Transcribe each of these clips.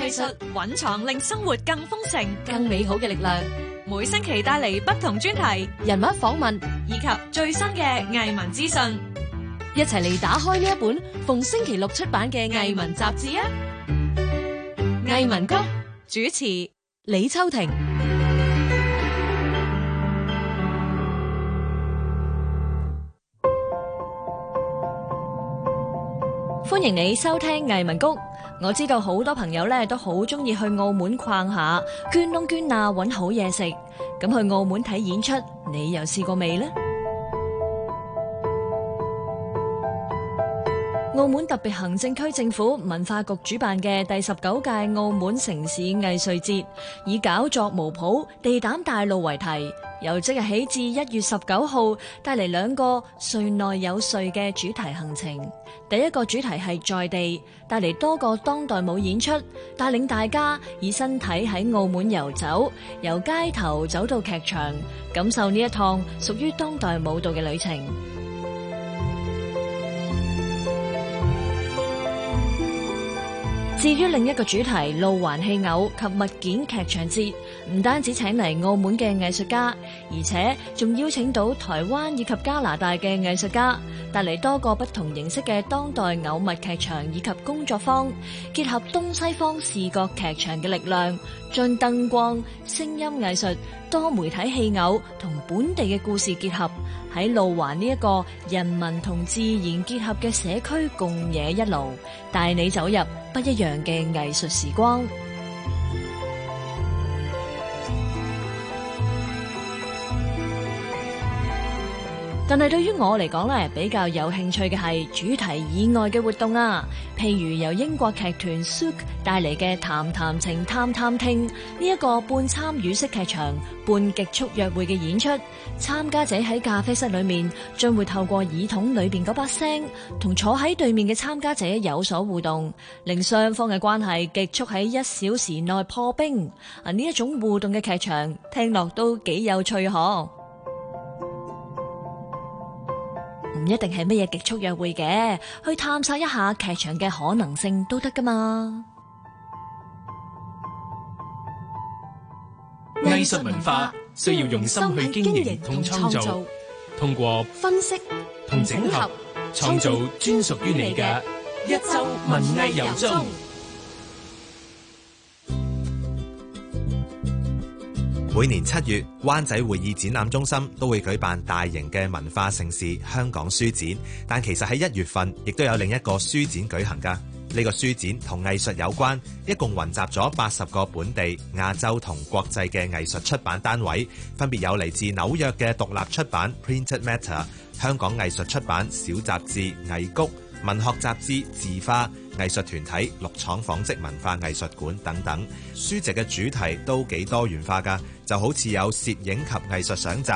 藝術蘊藏令生活更豐盛、更美好嘅力量，每星期帶嚟不同專題、人物訪問以及最新嘅藝文資訊，一齊嚟打開呢一本逢星期六出版嘅藝文雜誌啊！藝文谷主持李秋婷，歡迎你收聽藝文谷。我知道好多朋友咧都好中意去澳門逛下，捐窿捐罅揾好嘢食。咁去澳門睇演出，你又試過未呢？澳門特別行政區政府文化局主辦嘅第十九屆澳門城市藝術節，以“搞作無譜，地膽大路”為題。由即日起至一月十九號，帶嚟兩個稅內有稅嘅主題行程。第一個主題係在地，帶嚟多個當代舞演出，帶領大家以身體喺澳門遊走，由街頭走到劇場，感受呢一趟屬於當代舞蹈嘅旅程。至於另一個主題，路環戲偶及物件劇場節，唔單止請嚟澳門嘅藝術家，而且仲邀請到台灣以及加拿大嘅藝術家，帶嚟多個不同形式嘅當代偶物劇場以及工作坊，結合東西方視覺劇場嘅力量。將燈光、聲音、藝術、多媒體氣、戲偶同本地嘅故事結合，喺路環呢一個人民同自然結合嘅社區，共冶一爐，帶你走入不一樣嘅藝術時光。但係對於我嚟講咧，比較有興趣嘅係主題以外嘅活動啊，譬如由英國劇團 Suk 帶嚟嘅《談談情探探聽》呢一個半參與式劇場、半極速約會嘅演出，參加者喺咖啡室裏面將會透過耳筒裏邊嗰把聲，同坐喺對面嘅參加者有所互動，令雙方嘅關係極速喺一小時內破冰啊！呢一種互動嘅劇場，聽落都幾有趣可。一定係乜嘢極速約會嘅？去探索一下劇場嘅可能性都得㗎嘛。藝術文化需要用心去經營同創造，通過分析同整合，創造專屬於你嘅一周文藝遊蹤。每年七月，灣仔會議展覽中心都會舉辦大型嘅文化盛事——香港書展。但其實喺一月份，亦都有另一個書展舉行㗎。呢、這個書展同藝術有關，一共雲集咗八十個本地、亞洲同國際嘅藝術出版單位，分別有嚟自紐約嘅獨立出版 Printed Matter、香港藝術出版小雜誌藝谷、文學雜誌字花。藝術團體、六廠紡織文化藝術館等等，書籍嘅主題都幾多元化㗎，就好似有攝影及藝術相集、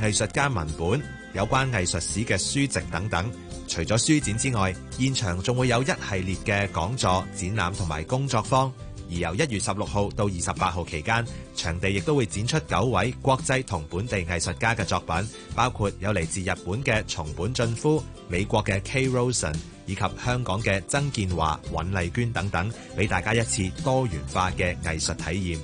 藝術家文本、有關藝術史嘅書籍等等。除咗書展之外，現場仲會有一系列嘅講座、展覽同埋工作坊。而由一月十六號到二十八號期間，場地亦都會展出九位國際同本地藝術家嘅作品，包括有嚟自日本嘅松本俊夫、美國嘅 K. Rosen。以及香港嘅曾建華、尹麗娟等等，俾大家一次多元化嘅藝術體驗。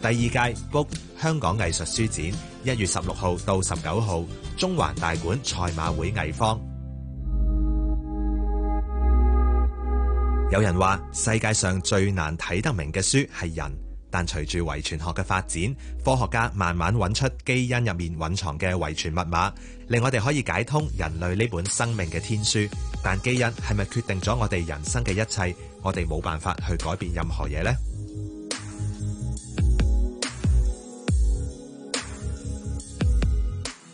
第二屆 Book 香港藝術書展一月十六號到十九號，中環大館賽馬會藝坊。 有人話，世界上最難睇得明嘅書係人。但隨住遺傳學嘅發展，科學家慢慢揾出基因入面隱藏嘅遺傳密碼，令我哋可以解通人類呢本生命嘅天書。但基因係咪決定咗我哋人生嘅一切？我哋冇辦法去改變任何嘢呢？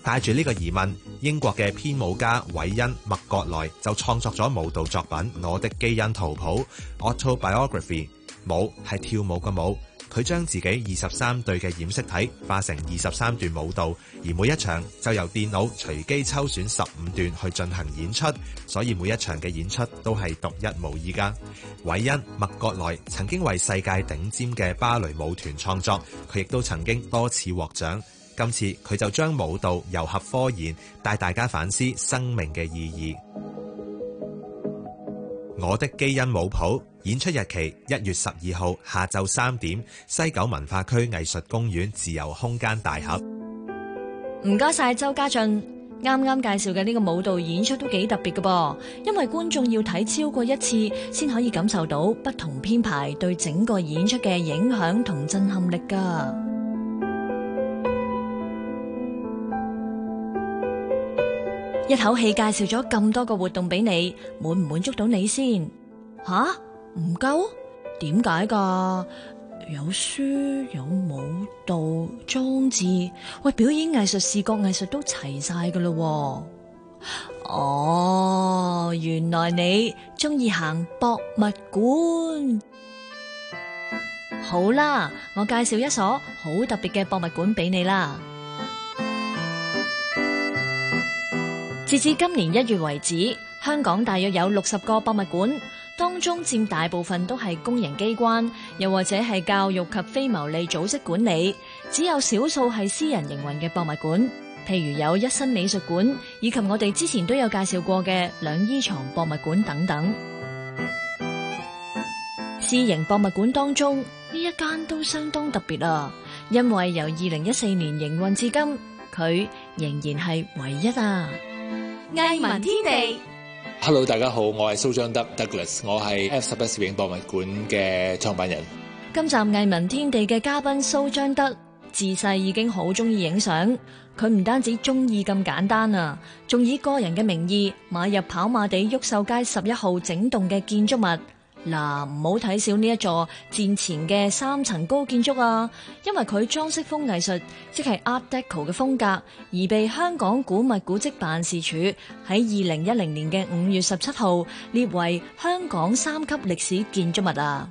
帶住呢個疑問，英國嘅編舞家韋恩麥國來就創作咗舞蹈作品《我的基因圖譜》（Autobiography）。舞係跳舞嘅舞。佢將自己二十三對嘅染色體化成二十三段舞蹈，而每一場就由電腦隨機抽選十五段去進行演出，所以每一場嘅演出都係獨一無二噶。韋恩麥國來曾經為世界頂尖嘅芭蕾舞團創作，佢亦都曾經多次獲獎。今次佢就將舞蹈糅合科研，帶大家反思生命嘅意義。我的基因舞譜。演出日期一月十二號下晝三點，西九文化區藝術公園自由空間大盒。唔該晒，周家進，啱啱介紹嘅呢個舞蹈演出都幾特別噶噃，因為觀眾要睇超過一次先可以感受到不同編排對整個演出嘅影響同震撼力噶。一口氣介紹咗咁多個活動俾你，滿唔滿足到你先吓？啊唔夠？點解噶？有書，有舞蹈裝置，喂，表演藝術、視覺藝術都齊晒噶啦！哦，原來你中意行博物館。好啦，我介紹一所好特別嘅博物館俾你啦。截至今年一月為止，香港大約有六十個博物館。當中佔大部分都係公營機關，又或者係教育及非牟利組織管理，只有少數係私人營運嘅博物館，譬如有一新美術館，以及我哋之前都有介紹過嘅兩依藏博物館等等。 私營博物館當中，呢一間都相當特別啊，因為由二零一四年營運至今，佢仍然係唯一啊，藝文天地。hello，大家好，我係蘇彰德 Douglas，我係 F 十一攝影博物館嘅創辦人。今集藝文天地嘅嘉賓蘇彰德，自細已經好中意影相，佢唔單止中意咁簡單啊，仲以個人嘅名義買入跑馬地毓秀街十一號整棟嘅建築物。嗱，唔好睇少呢一座戰前嘅三層高建築啊，因為佢裝飾風藝術，即係 Art Deco 嘅風格，而被香港古物古蹟辦事處喺二零一零年嘅五月十七號列為香港三級歷史建築物啊。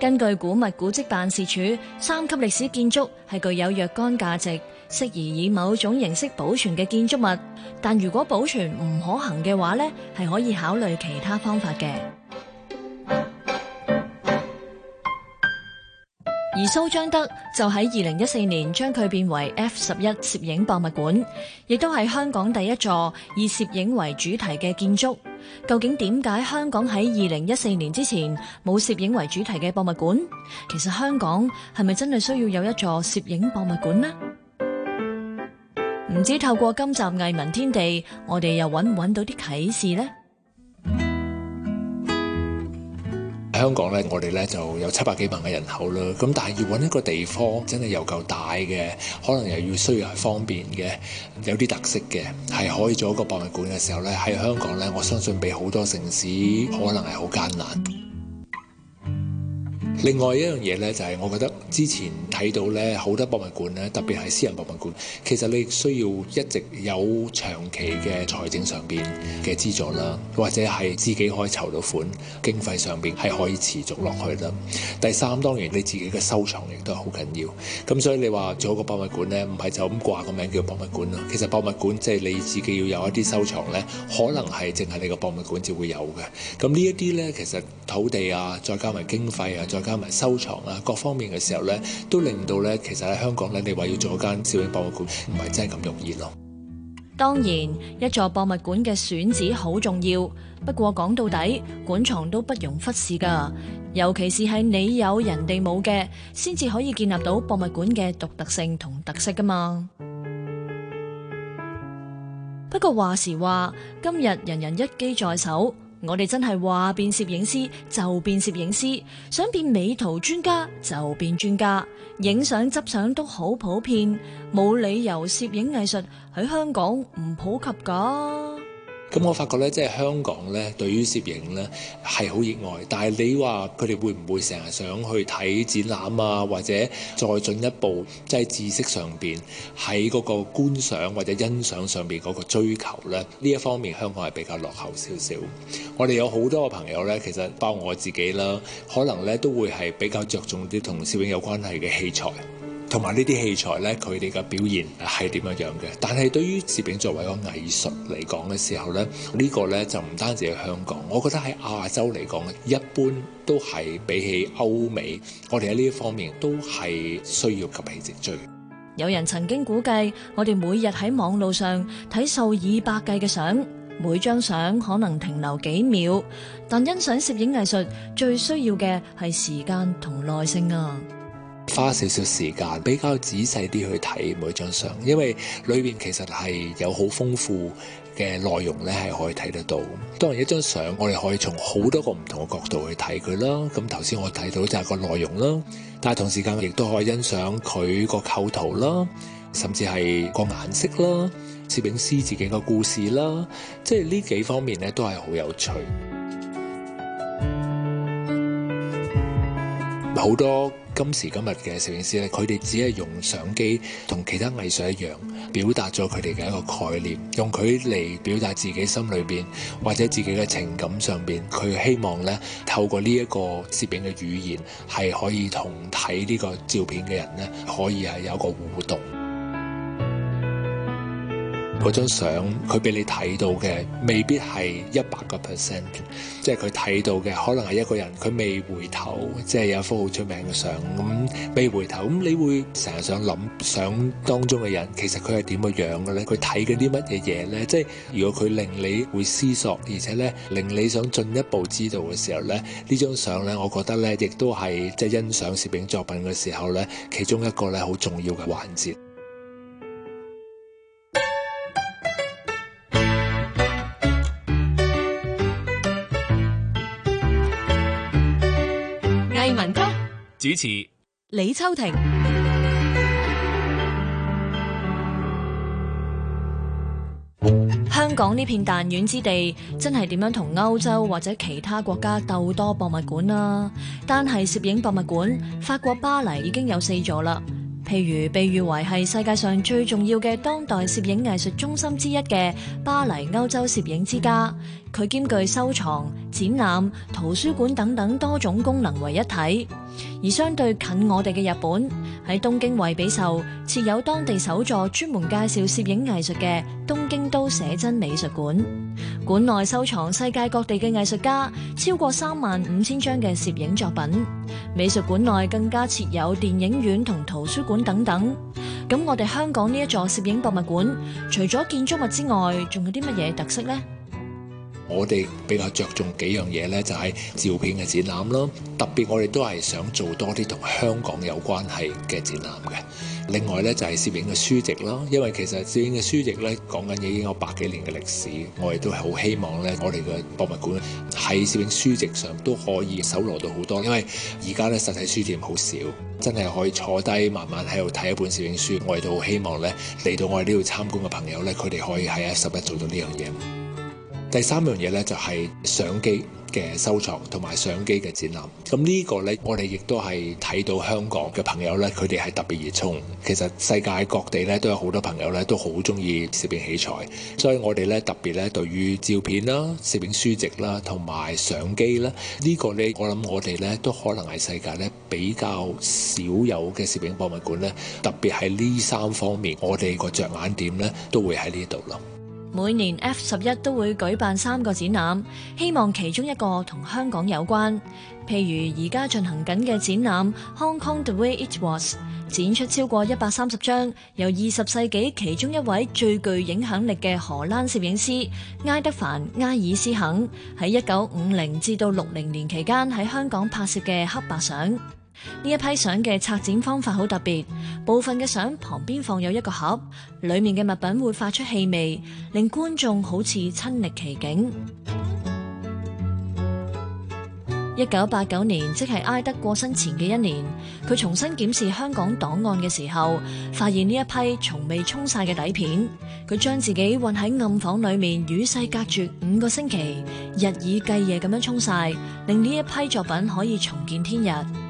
根據古物古蹟辦事處，三級歷史建築係具有若干價值，適宜以某種形式保存嘅建築物，但如果保存唔可行嘅話咧，係可以考慮其他方法嘅。而蘇彰德就喺二零一四年將佢變為 F 十一攝影博物館，亦都係香港第一座以攝影為主題嘅建築。究竟點解香港喺二零一四年之前冇攝影為主題嘅博物館？其實香港係咪真係需要有一座攝影博物館呢？唔知透過今集藝文天地，我哋又搵唔搵到啲啟示呢？在香港咧，我哋咧就有七百幾萬嘅人口啦。咁但係要揾一個地方，真係又夠大嘅，可能又要需要係方便嘅，有啲特色嘅，係可以做一個博物館嘅時候咧，喺香港咧，我相信比好多城市可能係好艱難。另外一樣嘢咧，就係我覺得之前睇到咧，好多博物館咧，特別係私人博物館，其實你需要一直有長期嘅財政上面嘅資助啦，或者係自己可以籌到款經費上面係可以持續落去啦。第三，當然你自己嘅收藏亦都係好緊要，咁所以你話做好個博物館咧，唔係就咁掛個名叫博物館啦。其實博物館即係你自己要有一啲收藏咧，可能係淨係你個博物館先會有嘅。咁呢一啲咧，其實土地啊，再加埋經費啊，再加埋收藏啊，各方面嘅時候咧，都令到咧，其實喺香港咧，你話要做間攝影博物館，唔係真係咁容易咯。當然，一座博物館嘅選址好重要。不過講到底，館藏都不容忽視㗎，尤其是係你有人哋冇嘅，先至可以建立到博物館嘅獨特性同特色㗎嘛。不過話時話，今日人人一機在手。我哋真係話變攝影師就變攝影師，想變美圖專家就變專家，影相執相都好普遍，冇理由攝影藝術喺香港唔普及㗎。咁我發覺咧，即係香港咧，對於攝影咧係好熱愛。但係你話佢哋會唔會成日想去睇展覽啊，或者再進一步即係、就是、知識上邊喺嗰個觀賞或者欣賞上邊嗰個追求咧？呢一方面香港係比較落後少少。我哋有好多嘅朋友咧，其實包括我自己啦，可能咧都會係比較着重啲同攝影有關係嘅器材。同埋呢啲器材呢，佢哋嘅表現係點樣樣嘅？但係對於攝影作為一個藝術嚟講嘅時候呢，呢個呢就唔單止係香港，我覺得喺亞洲嚟講，一般都係比起歐美，我哋喺呢一方面都係需要急起直追。有人曾經估計，我哋每日喺網路上睇數以百計嘅相，每張相可能停留幾秒，但欣賞攝影藝術最需要嘅係時間同耐性啊！花少少時間，比較仔細啲去睇每張相，因為裏面其實係有好豐富嘅內容咧，係可以睇得到。當然一張相，我哋可以從好多個唔同嘅角度去睇佢啦。咁頭先我睇到就係個內容啦，但係同時間亦都可以欣賞佢個構圖啦，甚至係個顏色啦，攝影師自己嘅故事啦，即係呢幾方面咧都係好有趣，好 多。今時今日嘅攝影師咧，佢哋只係用相機，同其他藝術一樣，表達咗佢哋嘅一個概念，用佢嚟表達自己心裏邊或者自己嘅情感上邊。佢希望咧，透過呢一個攝影嘅語言，係可以同睇呢個照片嘅人咧，可以係有個互動。嗰張相佢俾你睇到嘅未必係一百個 percent，即係佢睇到嘅可能係一個人佢未回頭，即係有幅好出名嘅相咁未回頭，咁、嗯、你會成日想諗想，想當中嘅人其實佢係點嘅樣嘅咧？佢睇緊啲乜嘢嘢咧？即係如果佢令你會思索，而且咧令你想進一步知道嘅時候咧，張呢張相咧，我覺得咧亦都係即係欣賞攝影作品嘅時候咧，其中一個咧好重要嘅環節。主持李秋婷。香港呢片彈丸之地，真係點樣同歐洲或者其他國家鬥多博物館啊？單係攝影博物館，法國巴黎已經有四座啦。譬如被譽為係世界上最重要嘅當代攝影藝術中心之一嘅巴黎歐洲攝影之家，佢兼具收藏、展覽、圖書館等等多種功能為一體。而相對近我哋嘅日本，喺東京惠比壽設有當地首座專門介紹攝影藝術嘅東京都寫真美術館，館內收藏世界各地嘅藝術家超過三萬五千張嘅攝影作品。美術館內更加設有電影院同圖書館等等。咁我哋香港呢一座攝影博物館，除咗建築物之外，仲有啲乜嘢特色呢？我哋比較着重幾樣嘢呢，就係照片嘅展覽咯。特別我哋都係想做多啲同香港有關係嘅展覽嘅。另外呢，就係攝影嘅書籍囉。因為其實攝影嘅書籍呢，講緊嘢已經有百幾年嘅歷史，我哋都係好希望呢，我哋嘅博物館喺攝影書籍上都可以搜羅到好多。因為而家呢，實體書店好少，真係可以坐低慢慢喺度睇一本攝影書。我哋都好希望呢，嚟到我哋呢度參觀嘅朋友呢，佢哋可以喺一十一做到呢樣嘢。第三樣嘢咧就係相機嘅收藏同埋相機嘅展覽。咁呢個呢，我哋亦都係睇到香港嘅朋友呢，佢哋係特別熱衷。其實世界各地呢，都有好多朋友呢都好中意攝影器材，所以我哋呢，特別呢對於照片啦、攝影書籍啦同埋相機啦呢個呢，我諗我哋呢都可能係世界呢比較少有嘅攝影博物館呢。特別係呢三方面，我哋個着眼點呢，都會喺呢度咯。每年 F 十一都會舉辦三個展覽，希望其中一個同香港有關。譬如而家進行緊嘅展覽《Hong Kong The Way It Was》，展出超過一百三十張，由二十世紀其中一位最具影響力嘅荷蘭攝影師埃德凡·埃爾斯肯，喺一九五零至到六零年期間喺香港拍攝嘅黑白相。呢一批相嘅策展方法好特別，部分嘅相旁邊放有一個盒，裏面嘅物品會發出氣味，令觀眾好似親歷其境。一九八九年，即係埃德過身前嘅一年，佢重新檢視香港檔案嘅時候，發現呢一批從未沖晒嘅底片。佢將自己韞喺暗房裏面，與世隔絕五個星期，日以繼夜咁樣沖晒，令呢一批作品可以重見天日。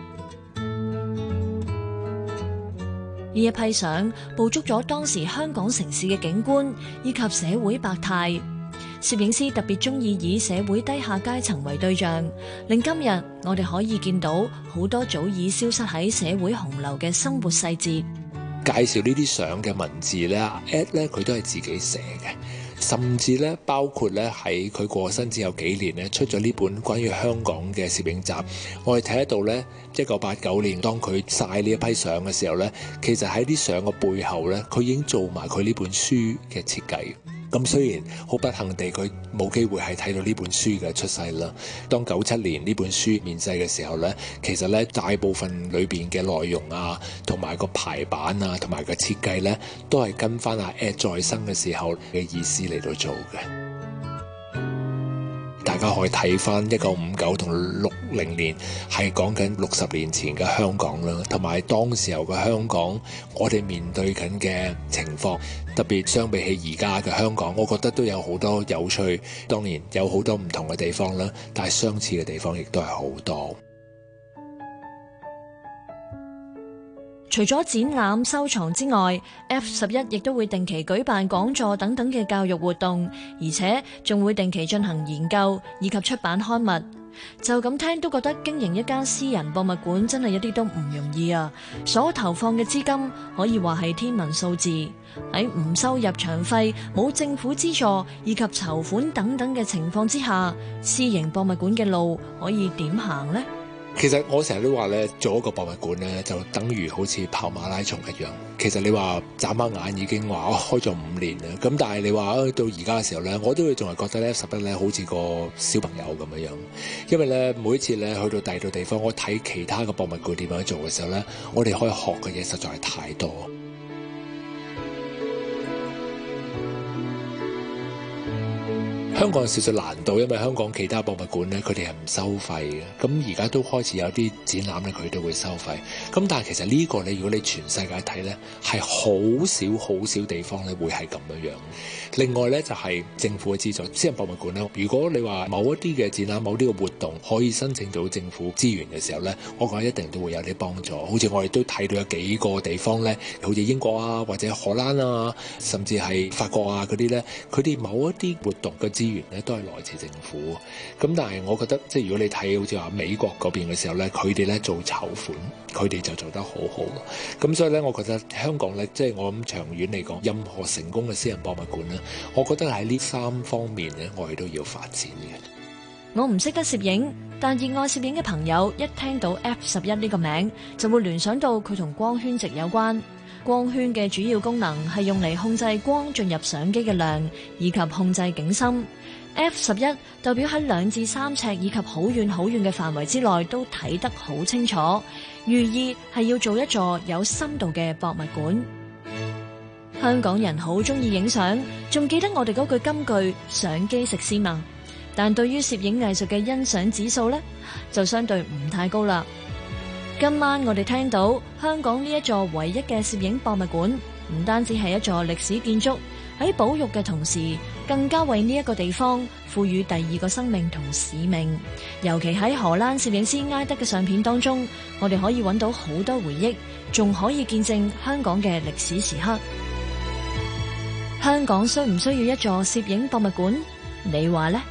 呢一批相捕捉咗當時香港城市嘅景觀以及社會百態，攝影師特別中意以社會低下階層為對象，令今日我哋可以見到好多早已消失喺社會洪流嘅生活細節。介紹呢啲相嘅文字咧，at 咧，佢都係自己寫嘅。甚至咧，包括咧喺佢過身之後幾年咧，出咗呢本關於香港嘅攝影集，我哋睇得到咧，一九八九年當佢晒呢一批相嘅時候咧，其實喺啲相嘅背後咧，佢已經做埋佢呢本書嘅設計。咁雖然好不幸地佢冇機會係睇到呢本書嘅出世啦。當九七年呢本書面世嘅時候呢，其實呢，大部分裏面嘅內容啊，同埋個排版啊，同埋個設計呢，都係跟翻阿 Ed 在生嘅時候嘅意思嚟到做嘅。大家可以睇返一九五九同六零年，係講緊六十年前嘅香港啦，同埋當時候嘅香港，我哋面對緊嘅情況，特別相比起而家嘅香港，我覺得都有好多有趣。當然有好多唔同嘅地方啦，但係相似嘅地方亦都係好多。除咗展覽、收藏之外，F11 亦都會定期舉辦講座等等嘅教育活動，而且仲會定期進行研究以及出版刊物。就咁聽都覺得經營一間私人博物館真係一啲都唔容易啊！所投放嘅資金可以話係天文數字。喺唔收入場費、冇政府資助以及籌款等等嘅情況之下，私營博物館嘅路可以點行呢？其實我成日都話咧，做一個博物館咧，就等於好似跑馬拉松一樣。其實你話眨下眼已經話開咗五年啦。咁但係你話到而家嘅時候咧，我都會仲係覺得咧，F11 咧好似個小朋友咁樣樣。因為咧，每一次咧去到第二度地方，我睇其他嘅博物館點樣做嘅時候咧，我哋可以學嘅嘢實在係太多。嗯、香港有少少難度，因為香港其他博物館呢，佢哋係唔收費嘅。咁而家都開始有啲展覽呢，佢都會收費。咁但係其實呢個呢個呢，如果你全世界睇呢，係好少好少地方呢會係咁樣。另外呢，就係、係、政府嘅資助，私人博物館呢，如果你話某一啲嘅展覽、某啲嘅活動可以申請到政府資源嘅時候呢，我覺得一定都會有啲幫助。好似我哋都睇到有幾個地方呢，好似英國啊或者荷蘭啊，甚至係法國啊嗰啲呢，佢哋某一啲活動嘅資資源咧都係來自政府，咁但係我覺得即係如果你睇好似話美國嗰邊嘅時候咧，佢哋咧做籌款，佢哋就做得好好，咁所以咧，我覺得香港咧，即係我諗長遠嚟講，任何成功嘅私人博物館咧，我覺得喺呢三方面咧，我哋都要發展嘅。我唔識得攝影，但熱愛攝影嘅朋友一聽到 F11 呢個名，就會聯想到佢同光圈值有關。光圈嘅主要功能係用嚟控制光進入相機嘅量，以及控制景深。F11 代表喺兩至三尺以及好遠好遠嘅範圍之內都睇得好清楚，寓意係要做一座有深度嘅博物館。香港人好中意影相，仲記得我哋嗰句金句：相機食先嘛。但對於攝影藝術嘅欣賞指數呢，就相對唔太高啦。今晚我哋聽到香港呢一座唯一嘅攝影博物館，唔單止係一座歷史建築，喺保育嘅同時，更加為呢一個地方賦予第二個生命同使命。尤其喺荷蘭攝影師埃德嘅相片當中，我哋可以揾到好多回憶，仲可以見證香港嘅歷史時刻。香港需唔需要一座攝影博物館？你話呢？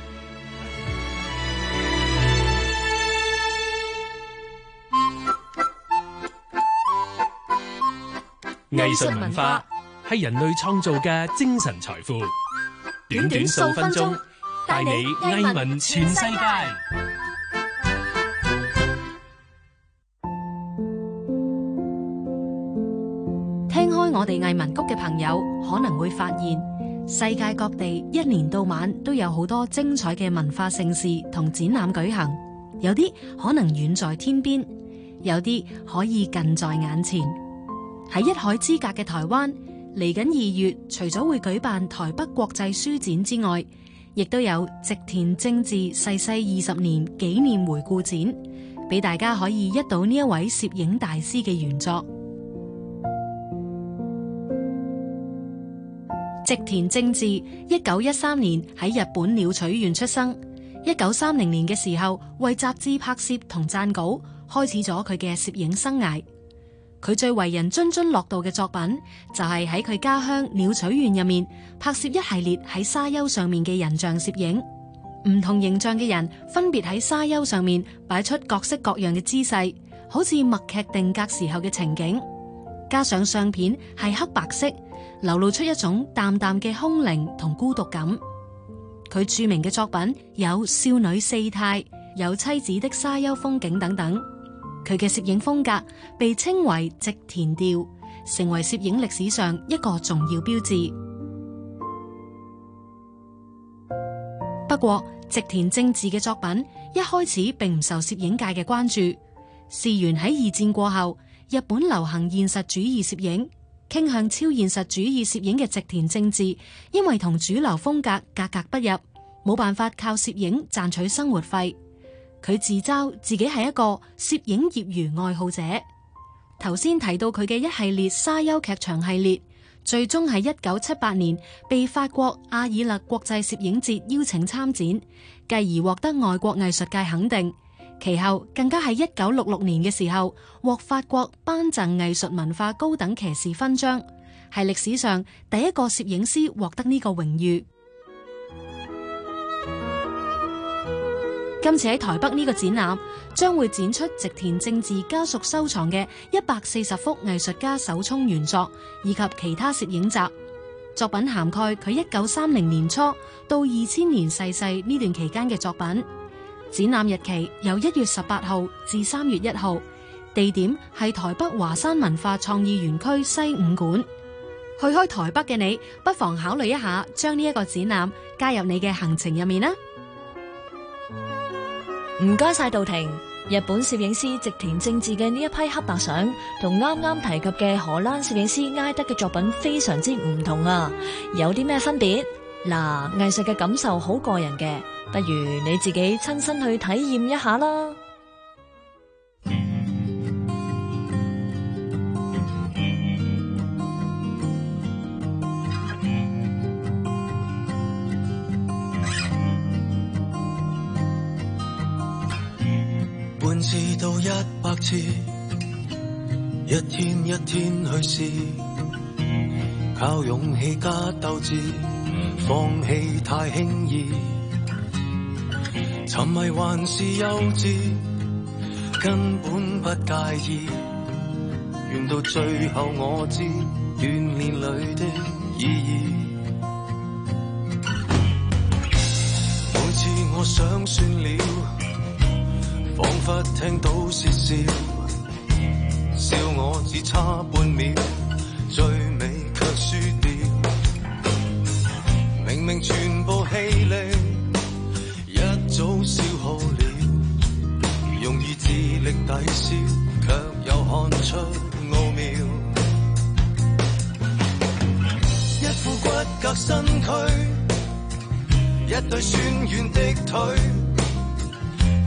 藝術文化係人類創造嘅精神財富。短短數分鐘，帶你藝文全世界。聽開我哋藝文谷嘅朋友，可能會發現世界各地一年到晚都有好多精彩嘅文化盛事同展覽舉行，有啲可能遠在天邊，有啲可以近在眼前。喺一海之隔嘅台灣，嚟緊二月，除咗會舉辦台北國際書展之外，亦都有直田正治逝世二十年紀念回顧展，俾大家可以一睹呢一位攝影大師嘅原作。直 田正治一九一三年喺日本鳥取縣出生，一九三零年嘅時候為雜誌拍攝同撰稿，開始咗佢嘅攝影生涯。佢最為人津津樂道嘅作品就係喺佢家鄉鳥取縣入面拍攝一系列喺沙丘上面嘅人像攝影，唔同形象嘅人分別喺沙丘上面擺出各式各樣嘅姿勢，好似默劇定格時候嘅情景。加上相片係黑白色，流露出一種淡淡嘅空靈同孤獨感。佢著名嘅作品有少女四態、有妻子的沙丘風景等等。佢嘅攝影風格被稱為植田調，成為攝影歷史上一個重要標誌。不過，植田政治嘅作品一開始並唔受攝影界嘅關注。事緣喺二戰過後，日本流行現實主義攝影，傾向超現實主義攝影嘅植田政治，因為同主流風格格格格不入，冇辦法靠攝影賺取生活費。佢自嘲自己係一個攝影業餘愛好者。頭先提到佢嘅一系列沙丘劇場系列，最終喺一九七八年被法國阿爾勒國際攝影節邀請參展，繼而獲得外國藝術界肯定。其後更加喺一九六六年嘅時候，獲法國頒贈藝術文化高等騎士勳章，係歷史上第一個攝影師獲得呢個榮譽。今次喺台北呢個展覽，將會展出植田正治家屬收藏嘅一百四十幅藝術家手沖原作，以及其他攝影集作品，涵蓋佢一九三零年初到二千年逝世呢段期間嘅作品。展覽日期由一月十八號至三月一號，地點係台北華山文化創意園區西五館。去開台北嘅你，不妨考慮一下將呢一個展覽加入你嘅行程入面啦。唔該晒杜婷，日本攝影師植田正治嘅呢一批黑白相，同啱啱提及嘅荷蘭攝影師埃德嘅作品非常之唔同啊，有啲咩分別？嗱，藝術嘅感受好個人嘅，不如你自己親身去體驗一下啦。一天一天去試，靠勇氣加鬥志，放棄太輕易。沉迷還是幼稚，根本不介意。願到最後我知鍛煉裏的意義。每次我想算了。仿佛聽到竊笑，笑，笑我只差半秒，最尾卻輸掉。明明全部氣力，一早消耗了，用意志力抵消，卻又看出奧妙。一副骨骼身軀，一對酸軟的腿。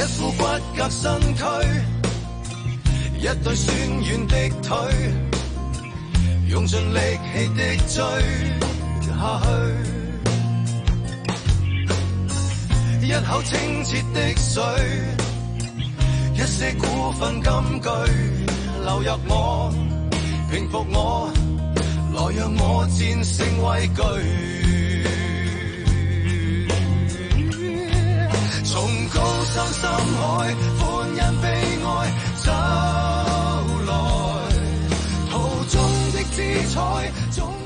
一副骨骼身軀，一對酸軟的腿，用盡力氣的追下去。一口清澈的水，一些古訓金句，流入我，平復我，來讓我戰勝畏懼。高山深海，歡欣悲哀，走來，途中的姿彩。總